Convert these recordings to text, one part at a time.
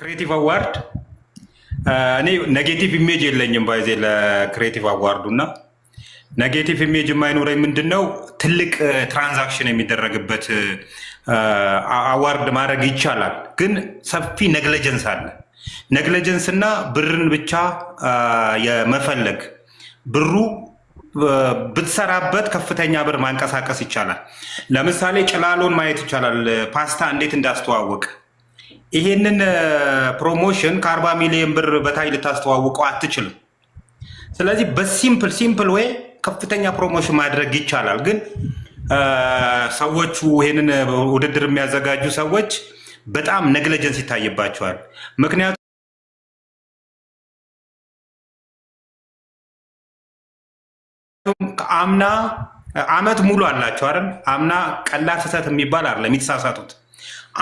ክሬቲቭ አዋርድ uh, እኔ ኔጌቲቭ ኢሜጅ የለኝም ባይዜ ለክሬቲቭ አዋርዱ እና ኔጌቲቭ ኢሜጅ የማይኖረኝ ምንድን ነው ትልቅ ትራንዛክሽን uh, የሚደረግበት አዋርድ uh, ማድረግ ይቻላል፣ ግን ሰፊ ነግለጀንስ አለ። ነግለጀንስ እና ብርን ብቻ የመፈለግ ብሩ ብትሰራበት ከፍተኛ ብር ማንቀሳቀስ ይቻላል። ለምሳሌ ጭላሎን ማየት ይቻላል። ፓስታ እንዴት እንዳስተዋወቅ ይሄንን ፕሮሞሽን ከአርባ ሚሊዮን ብር በታይ ልታስተዋውቀው አትችልም። ስለዚህ በሲምፕል ሲምፕል ወይ ከፍተኛ ፕሮሞሽን ማድረግ ይቻላል። ግን ሰዎቹ ይሄንን ውድድር የሚያዘጋጁ ሰዎች በጣም ነግለጀንስ ይታይባቸዋል። ምክንያቱም አምና አመት ሙሉ አላቸው አይደል? አምና ቀላል ስህተት የሚባል አይደለም የተሳሳቱት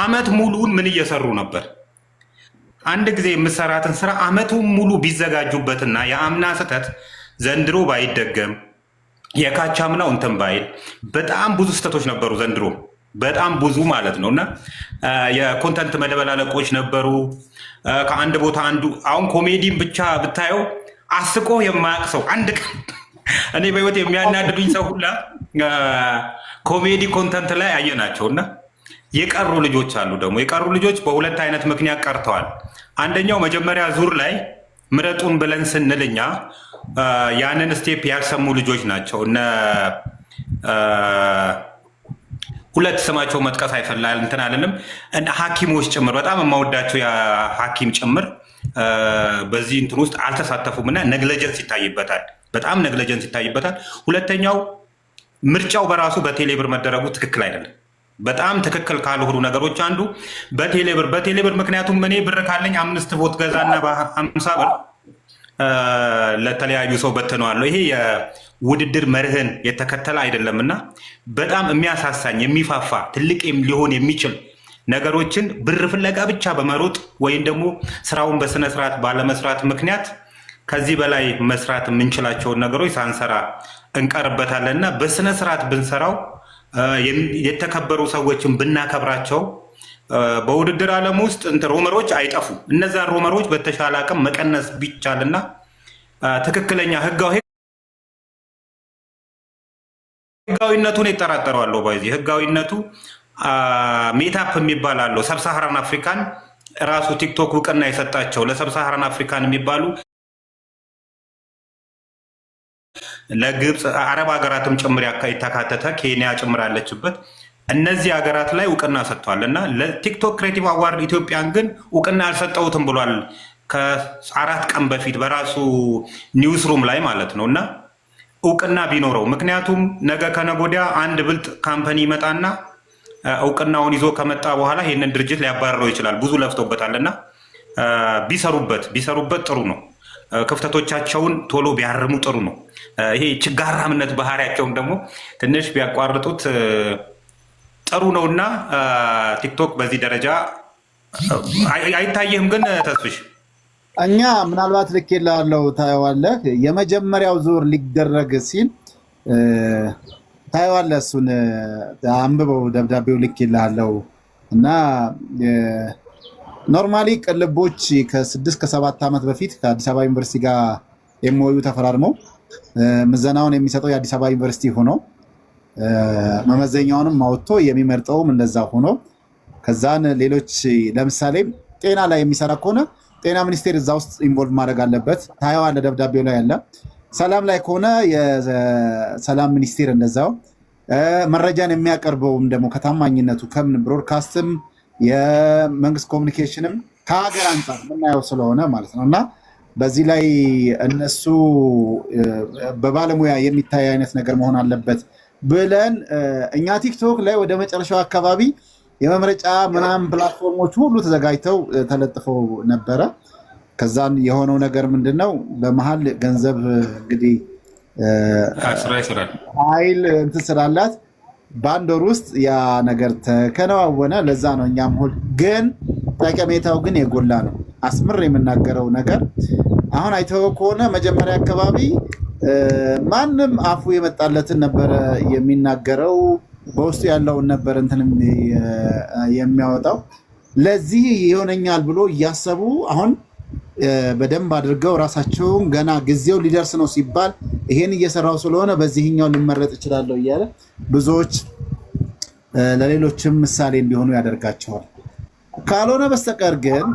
አመት ሙሉን ምን እየሰሩ ነበር? አንድ ጊዜ የምሰራትን ስራ አመቱን ሙሉ ቢዘጋጁበትና የአምና ስህተት ዘንድሮ ባይደገም የካቻምናው እንትን ባይል በጣም ብዙ ስህተቶች ነበሩ ዘንድሮ በጣም ብዙ ማለት ነው። እና የኮንተንት መደበላለቆች ነበሩ። ከአንድ ቦታ አንዱ አሁን ኮሜዲን ብቻ ብታየው አስቆ የማያውቅ ሰው አንድ ቀን እኔ በህይወት የሚያናድዱኝ ሰው ሁላ ኮሜዲ ኮንተንት ላይ አየናቸው እና የቀሩ ልጆች አሉ። ደግሞ የቀሩ ልጆች በሁለት አይነት ምክንያት ቀርተዋል። አንደኛው መጀመሪያ ዙር ላይ ምረጡን ብለን ስንልኛ ያንን ስቴፕ ያልሰሙ ልጆች ናቸው። እነ ሁለት ስማቸው መጥቀስ አይፈላል እንትን አለንም ሐኪሞች ጭምር በጣም የማወዳቸው ሐኪም ጭምር በዚህ እንትን ውስጥ አልተሳተፉም እና ነግለጀንስ ይታይበታል። በጣም ነግለጀንስ ይታይበታል። ሁለተኛው ምርጫው በራሱ በቴሌብር መደረጉ ትክክል አይደለም። በጣም ትክክል ካልሆኑ ነገሮች አንዱ በቴሌብር በቴሌብር ምክንያቱም እኔ ብር ካለኝ አምስት ቦት ገዛና በሀምሳ ብር ለተለያዩ ሰው በትነዋለሁ። ይሄ የውድድር መርህን የተከተለ አይደለም እና በጣም የሚያሳሳኝ የሚፋፋ ትልቅ ሊሆን የሚችል ነገሮችን ብር ፍለጋ ብቻ በመሮጥ ወይም ደግሞ ስራውን በስነስርዓት ባለመስራት ምክንያት ከዚህ በላይ መስራት የምንችላቸውን ነገሮች ሳንሰራ እንቀርበታለን እና በስነስርዓት ብንሰራው የተከበሩ ሰዎችን ብናከብራቸው በውድድር ዓለም ውስጥ እንትን ሮመሮች አይጠፉም። እነዛን ሮመሮች በተሻለ አቅም መቀነስ ቢቻልና ትክክለኛ ህጋዊ ህጋዊነቱን ይጠራጠረዋለሁ። ባይዚ ህጋዊነቱ ሜታፕ የሚባል አለው። ሰብሳሃራን አፍሪካን ራሱ ቲክቶክ እውቅና የሰጣቸው ለሰብሳሃራን አፍሪካን የሚባሉ ለግብፅ አረብ ሀገራትም ጭምር የተካተተ ኬንያ ጭምር ያለችበት እነዚህ ሀገራት ላይ እውቅና ሰጥቷል እና ለቲክቶክ ክሬቲቭ አዋርድ ኢትዮጵያን ግን እውቅና አልሰጠውትም ብሏል። ከአራት ቀን በፊት በራሱ ኒውስ ሩም ላይ ማለት ነው እና እውቅና ቢኖረው ምክንያቱም ነገ ከነጎዲያ አንድ ብልጥ ካምፓኒ ይመጣና እውቅናውን ይዞ ከመጣ በኋላ ይህንን ድርጅት ሊያባረረው ይችላል። ብዙ ለፍቶበታል እና ቢሰሩበት ቢሰሩበት ጥሩ ነው። ክፍተቶቻቸውን ቶሎ ቢያርሙ ጥሩ ነው። ይሄ ችጋራምነት ባህሪያቸውን ደግሞ ትንሽ ቢያቋርጡት ጥሩ ነው እና ቲክቶክ በዚህ ደረጃ አይታየህም። ግን ተስፍሽ እኛ ምናልባት ልክ ላለው ታየዋለህ። የመጀመሪያው ዙር ሊደረግ ሲል ታየዋለህ። እሱን አንብበው ደብዳቤው ልክ ላለው እና ኖርማሊ ቅልቦች ከስድስት ከሰባት ዓመት በፊት ከአዲስ አበባ ዩኒቨርሲቲ ጋር ኤምኦዩ ተፈራርመው ምዘናውን የሚሰጠው የአዲስ አበባ ዩኒቨርሲቲ ሆኖ መመዘኛውንም አውጥቶ የሚመርጠውም እንደዛ ሆኖ ከዛን ሌሎች ለምሳሌ ጤና ላይ የሚሰራ ከሆነ ጤና ሚኒስቴር እዛ ውስጥ ኢንቮልቭ ማድረግ አለበት። ታየዋለህ ደብዳቤው ላይ ያለ። ሰላም ላይ ከሆነ የሰላም ሚኒስቴር እንደዛው መረጃን የሚያቀርበውም ደግሞ ከታማኝነቱ ከምን ብሮድካስትም የመንግስት ኮሚኒኬሽንም ከሀገር አንጻር የምናየው ስለሆነ ማለት ነው እና በዚህ ላይ እነሱ በባለሙያ የሚታይ አይነት ነገር መሆን አለበት ብለን እኛ ቲክቶክ ላይ ወደ መጨረሻው አካባቢ የመምረጫ ምናምን ፕላትፎርሞች ሁሉ ተዘጋጅተው ተለጥፈው ነበረ። ከዛን የሆነው ነገር ምንድን ነው? በመሀል ገንዘብ እንግዲህ ኃይል እንትን ስላላት በአንድ ወር ውስጥ ያ ነገር ተከናወነ። ለዛ ነው እኛም ሁል ግን ጠቀሜታው ግን የጎላ ነው። አስምር የምናገረው ነገር አሁን አይተወ ከሆነ መጀመሪያ አካባቢ ማንም አፉ የመጣለትን ነበረ የሚናገረው፣ በውስጡ ያለውን ነበር እንትንም የሚያወጣው። ለዚህ ይሆነኛል ብሎ እያሰቡ አሁን በደንብ አድርገው ራሳቸውን ገና ጊዜው ሊደርስ ነው ሲባል ይሄን እየሰራው ስለሆነ በዚህኛው ሊመረጥ እችላለሁ እያለ ብዙዎች ለሌሎችም ምሳሌ እንዲሆኑ ያደርጋቸዋል። ካልሆነ በስተቀር ግን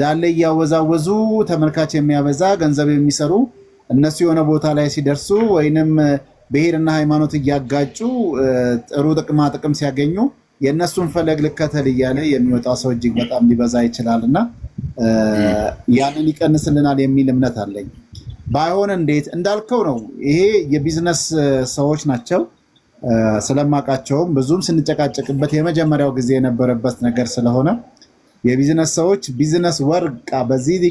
ዳለ እያወዛወዙ ተመልካች የሚያበዛ ገንዘብ የሚሰሩ እነሱ የሆነ ቦታ ላይ ሲደርሱ ወይንም ብሔርና ሃይማኖት እያጋጩ ጥሩ ጥቅማ ጥቅም ሲያገኙ የእነሱን ፈለግ ልከተል እያለ የሚወጣ ሰው እጅግ በጣም ሊበዛ ይችላል እና ያንን ይቀንስልናል የሚል እምነት አለኝ። ባይሆን እንዴት እንዳልከው ነው። ይሄ የቢዝነስ ሰዎች ናቸው ስለማውቃቸውም ብዙም ስንጨቃጨቅበት የመጀመሪያው ጊዜ የነበረበት ነገር ስለሆነ የቢዝነስ ሰዎች ቢዝነስ ወርቃ በዚህ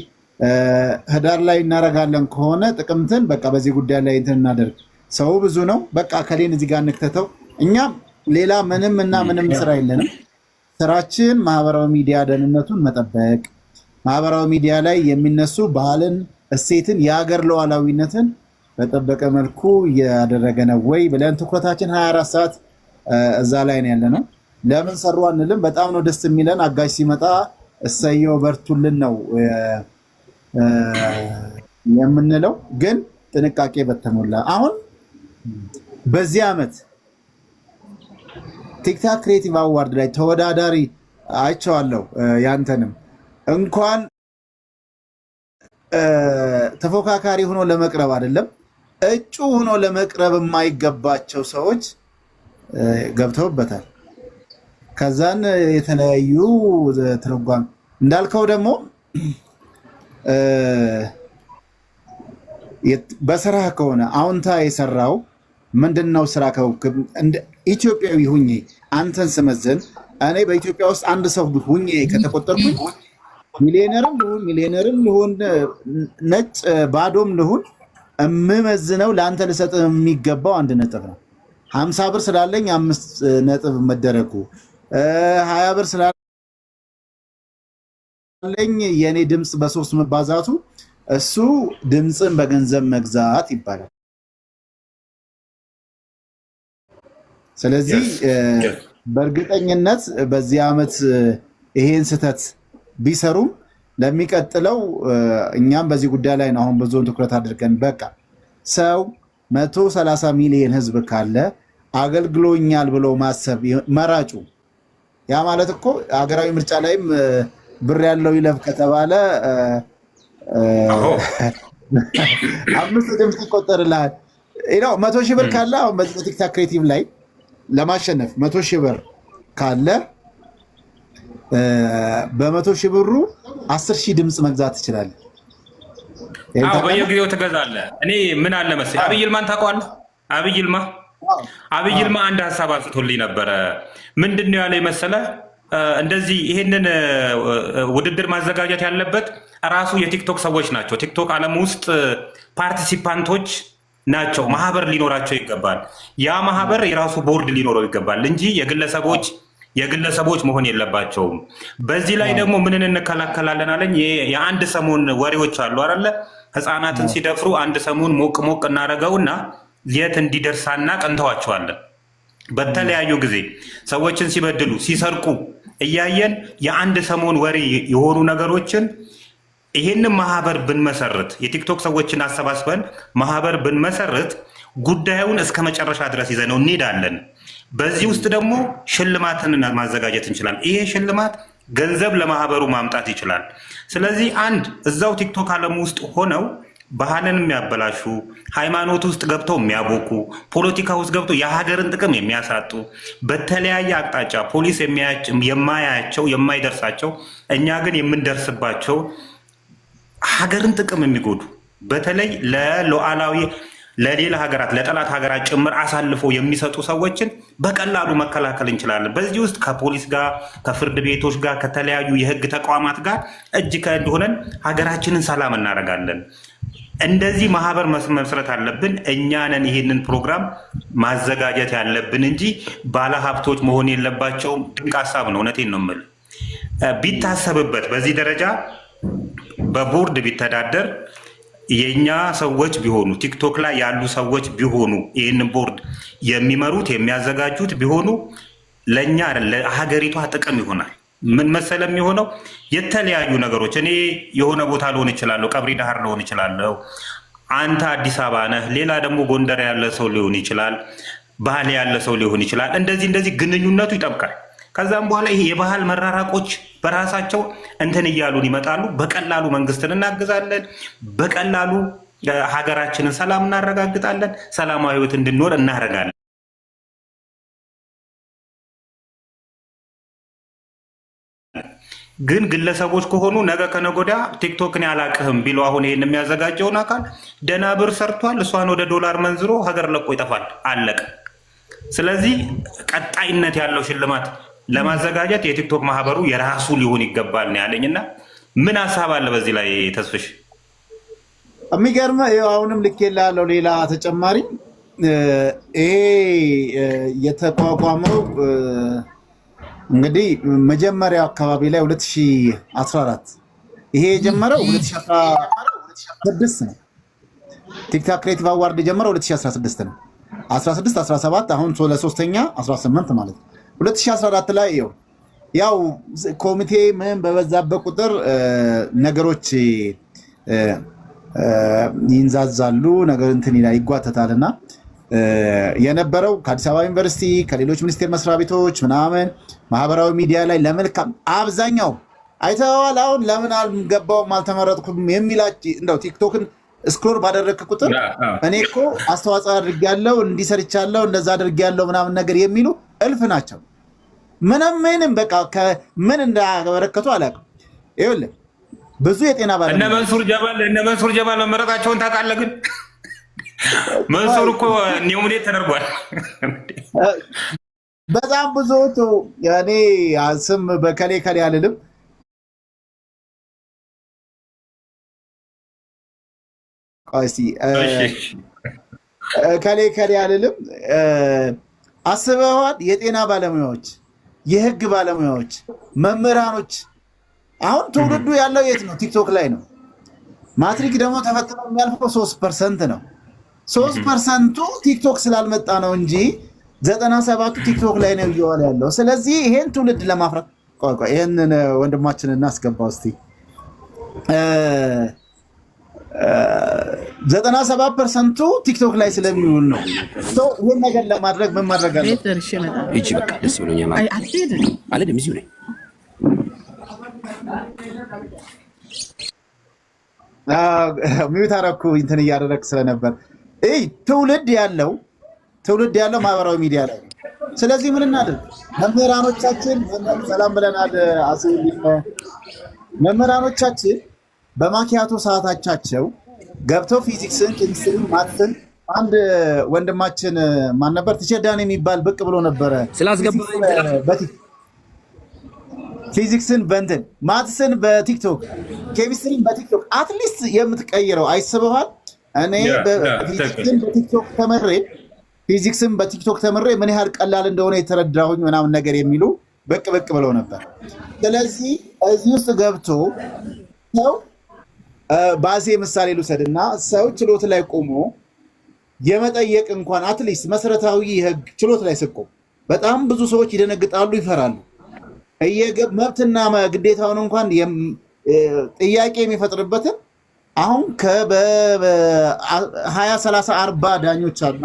ህዳር ላይ እናደርጋለን ከሆነ ጥቅምትን በቃ በዚህ ጉዳይ ላይ እንትን እናደርግ፣ ሰው ብዙ ነው፣ በቃ ከሌን እዚህ ጋር እንክተተው። እኛም ሌላ ምንም እና ምንም ስራ የለንም። ስራችን ማህበራዊ ሚዲያ ደህንነቱን መጠበቅ ማህበራዊ ሚዲያ ላይ የሚነሱ ባህልን፣ እሴትን፣ የሀገር ሉዓላዊነትን በጠበቀ መልኩ እያደረገ ነው ወይ ብለን ትኩረታችን 24 ሰዓት እዛ ላይ ነው ያለ ነው። ለምን ሰሩ አንልም። በጣም ነው ደስ የሚለን አጋዥ ሲመጣ እሰየው በርቱልን ነው የምንለው፣ ግን ጥንቃቄ በተሞላ አሁን በዚህ ዓመት ቲክታክ ክሬቲቭ አዋርድ ላይ ተወዳዳሪ አይቼዋለሁ ያንተንም እንኳን ተፎካካሪ ሆኖ ለመቅረብ አይደለም እጩ ሆኖ ለመቅረብ የማይገባቸው ሰዎች ገብተውበታል። ከዛን የተለያዩ ትርጓም እንዳልከው ደግሞ በስራህ ከሆነ አሁንታ የሰራው ምንድን ነው? ስራ ኢትዮጵያዊ ሁኜ አንተን ስመዝን እኔ በኢትዮጵያ ውስጥ አንድ ሰው ሁኜ ከተቆጠርኩኝ ሚሊዮነርም ልሁን ሚሊዮነርም ልሁን ነጭ ባዶም ልሁን የምመዝነው ለአንተ ልሰጥ የሚገባው አንድ ነጥብ ነው። ሀምሳ ብር ስላለኝ አምስት ነጥብ መደረጉ ሀያ ብር ስላለኝ የእኔ ድምፅ በሶስት መባዛቱ እሱ ድምፅን በገንዘብ መግዛት ይባላል። ስለዚህ በእርግጠኝነት በዚህ ዓመት ይሄን ስህተት ቢሰሩም ለሚቀጥለው እኛም በዚህ ጉዳይ ላይ ነው አሁን ብዙውን ትኩረት አድርገን በቃ ሰው መቶ ሰላሳ ሚሊዮን ህዝብ ካለ አገልግሎኛል ብሎ ማሰብ መራጩ ያ ማለት እኮ ሀገራዊ ምርጫ ላይም ብር ያለው ይለፍ ከተባለ አምስት ድምፅ ይቆጠርልሃል። ነው መቶ ሺህ ብር ካለ አሁን በዚህ በቲክታክ ክሬቲቭ ላይ ለማሸነፍ መቶ ሺህ ብር ካለ በመቶ ሺህ ብሩ አስር ሺህ ድምፅ መግዛት ትችላለህ። በየጊዜው ትገዛለህ። እኔ ምን አለ መሰለኝ አብይ ይልማን ታውቀዋለህ? አብይ ይልማ አብይ ይልማ አንድ ሀሳብ አንስቶልኝ ነበረ። ምንድን ነው ያለ መሰለ እንደዚህ ይሄንን ውድድር ማዘጋጀት ያለበት ራሱ የቲክቶክ ሰዎች ናቸው። ቲክቶክ ዓለም ውስጥ ፓርቲሲፓንቶች ናቸው። ማህበር ሊኖራቸው ይገባል። ያ ማህበር የራሱ ቦርድ ሊኖረው ይገባል እንጂ የግለሰቦች የግለሰቦች መሆን የለባቸውም። በዚህ ላይ ደግሞ ምንን እንከላከላለን አለኝ። የአንድ ሰሞን ወሬዎች አሉ አለ ህፃናትን ሲደፍሩ አንድ ሰሞን ሞቅ ሞቅ እናደርገውና የት እንዲደርሳና ቀንተዋቸዋለን። በተለያዩ ጊዜ ሰዎችን ሲበድሉ ሲሰርቁ እያየን የአንድ ሰሞን ወሬ የሆኑ ነገሮችን ይህንን ማህበር ብንመሰርት የቲክቶክ ሰዎችን አሰባስበን ማህበር ብንመሰርት ጉዳዩን እስከ መጨረሻ ድረስ ይዘነው እንሄዳለን። በዚህ ውስጥ ደግሞ ሽልማትን ማዘጋጀት እንችላለን። ይሄ ሽልማት ገንዘብ ለማህበሩ ማምጣት ይችላል። ስለዚህ አንድ እዛው ቲክቶክ ዓለም ውስጥ ሆነው ባህልን የሚያበላሹ ሃይማኖት ውስጥ ገብተው የሚያቦኩ ፖለቲካ ውስጥ ገብተው የሀገርን ጥቅም የሚያሳጡ በተለያየ አቅጣጫ ፖሊስ የማያቸው የማይደርሳቸው፣ እኛ ግን የምንደርስባቸው ሀገርን ጥቅም የሚጎዱ በተለይ ለሉዓላዊ ለሌላ ሀገራት ለጠላት ሀገራት ጭምር አሳልፎ የሚሰጡ ሰዎችን በቀላሉ መከላከል እንችላለን። በዚህ ውስጥ ከፖሊስ ጋር፣ ከፍርድ ቤቶች ጋር፣ ከተለያዩ የህግ ተቋማት ጋር እጅ ከእጅ ሆነን ሀገራችንን ሰላም እናደርጋለን። እንደዚህ ማህበር መስረት አለብን። እኛንን ይህንን ፕሮግራም ማዘጋጀት ያለብን እንጂ ባለሀብቶች መሆን የለባቸውም። ድንቅ ሀሳብ ነው። እውነቴን ነው የምልህ ቢታሰብበት በዚህ ደረጃ በቦርድ ቢተዳደር የእኛ ሰዎች ቢሆኑ ቲክቶክ ላይ ያሉ ሰዎች ቢሆኑ ይህንን ቦርድ የሚመሩት የሚያዘጋጁት ቢሆኑ ለእኛ ለሀገሪቷ ጥቅም ይሆናል። ምን መሰለ የሚሆነው የተለያዩ ነገሮች እኔ የሆነ ቦታ ልሆን እችላለሁ፣ ቀብሪ ዳህር ልሆን እችላለሁ፣ አንተ አዲስ አበባ ነህ፣ ሌላ ደግሞ ጎንደር ያለ ሰው ሊሆን ይችላል፣ ባህል ያለ ሰው ሊሆን ይችላል። እንደዚህ እንደዚህ ግንኙነቱ ይጠብቃል። ከዛም በኋላ ይሄ የባህል መራራቆች በራሳቸው እንትን እያሉን ይመጣሉ። በቀላሉ መንግስትን እናግዛለን፣ በቀላሉ ሀገራችንን ሰላም እናረጋግጣለን፣ ሰላማዊ ህይወት እንድንኖር እናደርጋለን። ግን ግለሰቦች ከሆኑ ነገ ከነጎዳ ቲክቶክን ያላቅህም ቢለው አሁን ይሄን የሚያዘጋጀውን አካል ደና ብር ሰርቷል፣ እሷን ወደ ዶላር መንዝሮ ሀገር ለቆ ይጠፋል፣ አለቀ። ስለዚህ ቀጣይነት ያለው ሽልማት ለማዘጋጀት የቲክቶክ ማህበሩ የራሱ ሊሆን ይገባል ነው ያለኝ። እና ምን ሀሳብ አለ በዚህ ላይ ተስፍሽ? የሚገርመ አሁንም ልክ ላለው ሌላ ተጨማሪ ይሄ የተቋቋመው እንግዲህ መጀመሪያው አካባቢ ላይ 2014 ይሄ የጀመረው 2016 ነው። ቲክታክ ክሬቲቭ አዋርድ የጀመረው 2016 ነው። 16 17 አሁን ለሶስተኛ 18 ማለት ነው። 2014 ላይ ው ያው ኮሚቴ ምን በበዛበት ቁጥር ነገሮች ይንዛዛሉ፣ ነገር እንትን ይጓተታልና የነበረው ከአዲስ አበባ ዩኒቨርሲቲ ከሌሎች ሚኒስቴር መስሪያ ቤቶች ምናምን ማህበራዊ ሚዲያ ላይ ለመልካም አብዛኛው አይተዋል። አሁን ለምን አልገባውም አልተመረጥኩም የሚላቸው እንደው ቲክቶክን ስክሮል ባደረግክ ቁጥር እኔ እኮ አስተዋጽኦ አድርጌያለሁ፣ እንዲሰርቻለሁ፣ እንደዛ አድርጌያለሁ ምናምን ነገር የሚሉ እልፍ ናቸው። ምንም ምንም በቃ ከምን እንዳበረከቱ አላውቅም። ይኸውልህ ብዙ የጤና ባለ እነ መንሱር ጀማል እነ መንሱር ጀማል መመረጣቸውን ታውቃለህ። ግን መንሱር እኮ ኒውምኔት ተደርጓል። በጣም ብዙ እኔ ስም በከሌ ከሌ አልልም። ከሌ ከሌ አልልም። አስበዋል የጤና ባለሙያዎች የህግ ባለሙያዎች፣ መምህራኖች። አሁን ትውልዱ ያለው የት ነው? ቲክቶክ ላይ ነው። ማትሪክ ደግሞ ተፈትኖ የሚያልፈው ሶስት ፐርሰንት ነው። ሶስት ፐርሰንቱ ቲክቶክ ስላልመጣ ነው እንጂ ዘጠና ሰባቱ ቲክቶክ ላይ ነው እየዋለ ያለው። ስለዚህ ይሄን ትውልድ ለማፍራት ይህንን ወንድማችን እናስገባው እስቲ ዘጠና ሰባት ፐርሰንቱ ቲክቶክ ላይ ስለሚውል ነው። ይህን ነገር ለማድረግ ምን ማድረግ አለ? በቃ ደስ ብሎኛል። እዚሁ ነኝ። ሚዩት አደረኩ እንትን እያደረግ ስለነበር ይህ ትውልድ ያለው ትውልድ ያለው ማህበራዊ ሚዲያ ላይ ስለዚህ ምን እናድርግ? መምህራኖቻችን ሰላም ብለናል። አስ መምህራኖቻችን በማኪያቶ ሰዓታቻቸው ገብተው ፊዚክስን፣ ኬሚስትሪን፣ ማትን አንድ ወንድማችን ማን ነበር ትቸዳን የሚባል ብቅ ብሎ ነበረ ፊዚክስን በንትን ማትስን በቲክቶክ ኬሚስትሪን በቲክቶክ አትሊስት የምትቀይረው አይስበዋል። እኔ ፊዚክስን በቲክቶክ ተመሬ ፊዚክስን በቲክቶክ ተምሬ ምን ያህል ቀላል እንደሆነ የተረዳሁኝ ምናምን ነገር የሚሉ ብቅ ብቅ ብለው ነበር። ስለዚህ እዚህ ውስጥ ገብቶ ሰው ባዜ ምሳሌ እና ሰው ችሎት ላይ ቆሞ የመጠየቅ እንኳን አትሊስት መሰረታዊ የህግ ችሎት ላይ ስቆም በጣም ብዙ ሰዎች ይደነግጣሉ፣ ይፈራሉ። መብትና ግዴታውን እንኳን ጥያቄ የሚፈጥርበትን አሁን ከሀያ ሰላሳ አርባ ዳኞች አሉ፣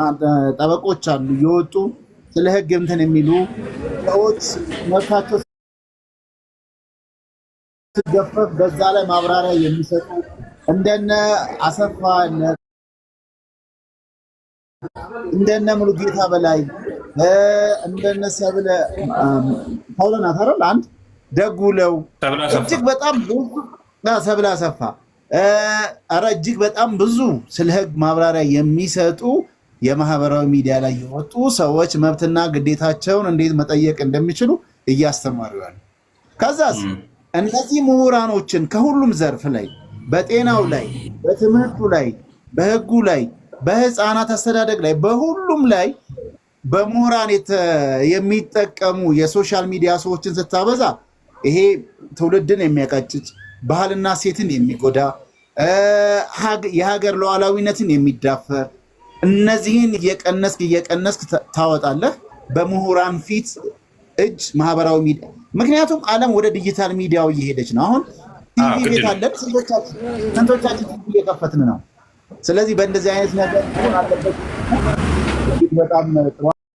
ጠበቆች አሉ እየወጡ ስለ ህግ እንትን የሚሉ ሰዎች መብታቸው ስገፈፍ በዛ ላይ ማብራሪያ የሚሰጡ እንደነ አሰፋ እንደነ ሙሉጌታ በላይ እንደነ ሰብለ ፓውሎና ታረል አንድ ደጉለው እጅግ በጣም ሰብለ አሰፋ ኧረ እጅግ በጣም ብዙ ስለ ሕግ ማብራሪያ የሚሰጡ የማህበራዊ ሚዲያ ላይ የወጡ ሰዎች መብትና ግዴታቸውን እንዴት መጠየቅ እንደሚችሉ እያስተማሩ ያሉ ከዛስ እነዚህ ምሁራኖችን ከሁሉም ዘርፍ ላይ በጤናው ላይ፣ በትምህርቱ ላይ፣ በህጉ ላይ፣ በህፃናት አስተዳደግ ላይ፣ በሁሉም ላይ በምሁራን የሚጠቀሙ የሶሻል ሚዲያ ሰዎችን ስታበዛ ይሄ ትውልድን የሚያቀጭጭ ባህልና ሴትን የሚጎዳ የሀገር ሉዓላዊነትን የሚዳፈር እነዚህን እየቀነስክ እየቀነስክ ታወጣለህ። በምሁራን ፊት እጅ ማህበራዊ ሚዲያ ምክንያቱም ዓለም ወደ ዲጂታል ሚዲያው እየሄደች ነው። አሁን ቲቪ ቤት አለን፣ ስንቶቻችን ቲቪ እየከፈትን ነው? ስለዚህ በእንደዚህ አይነት ነገር አለበት። በጣም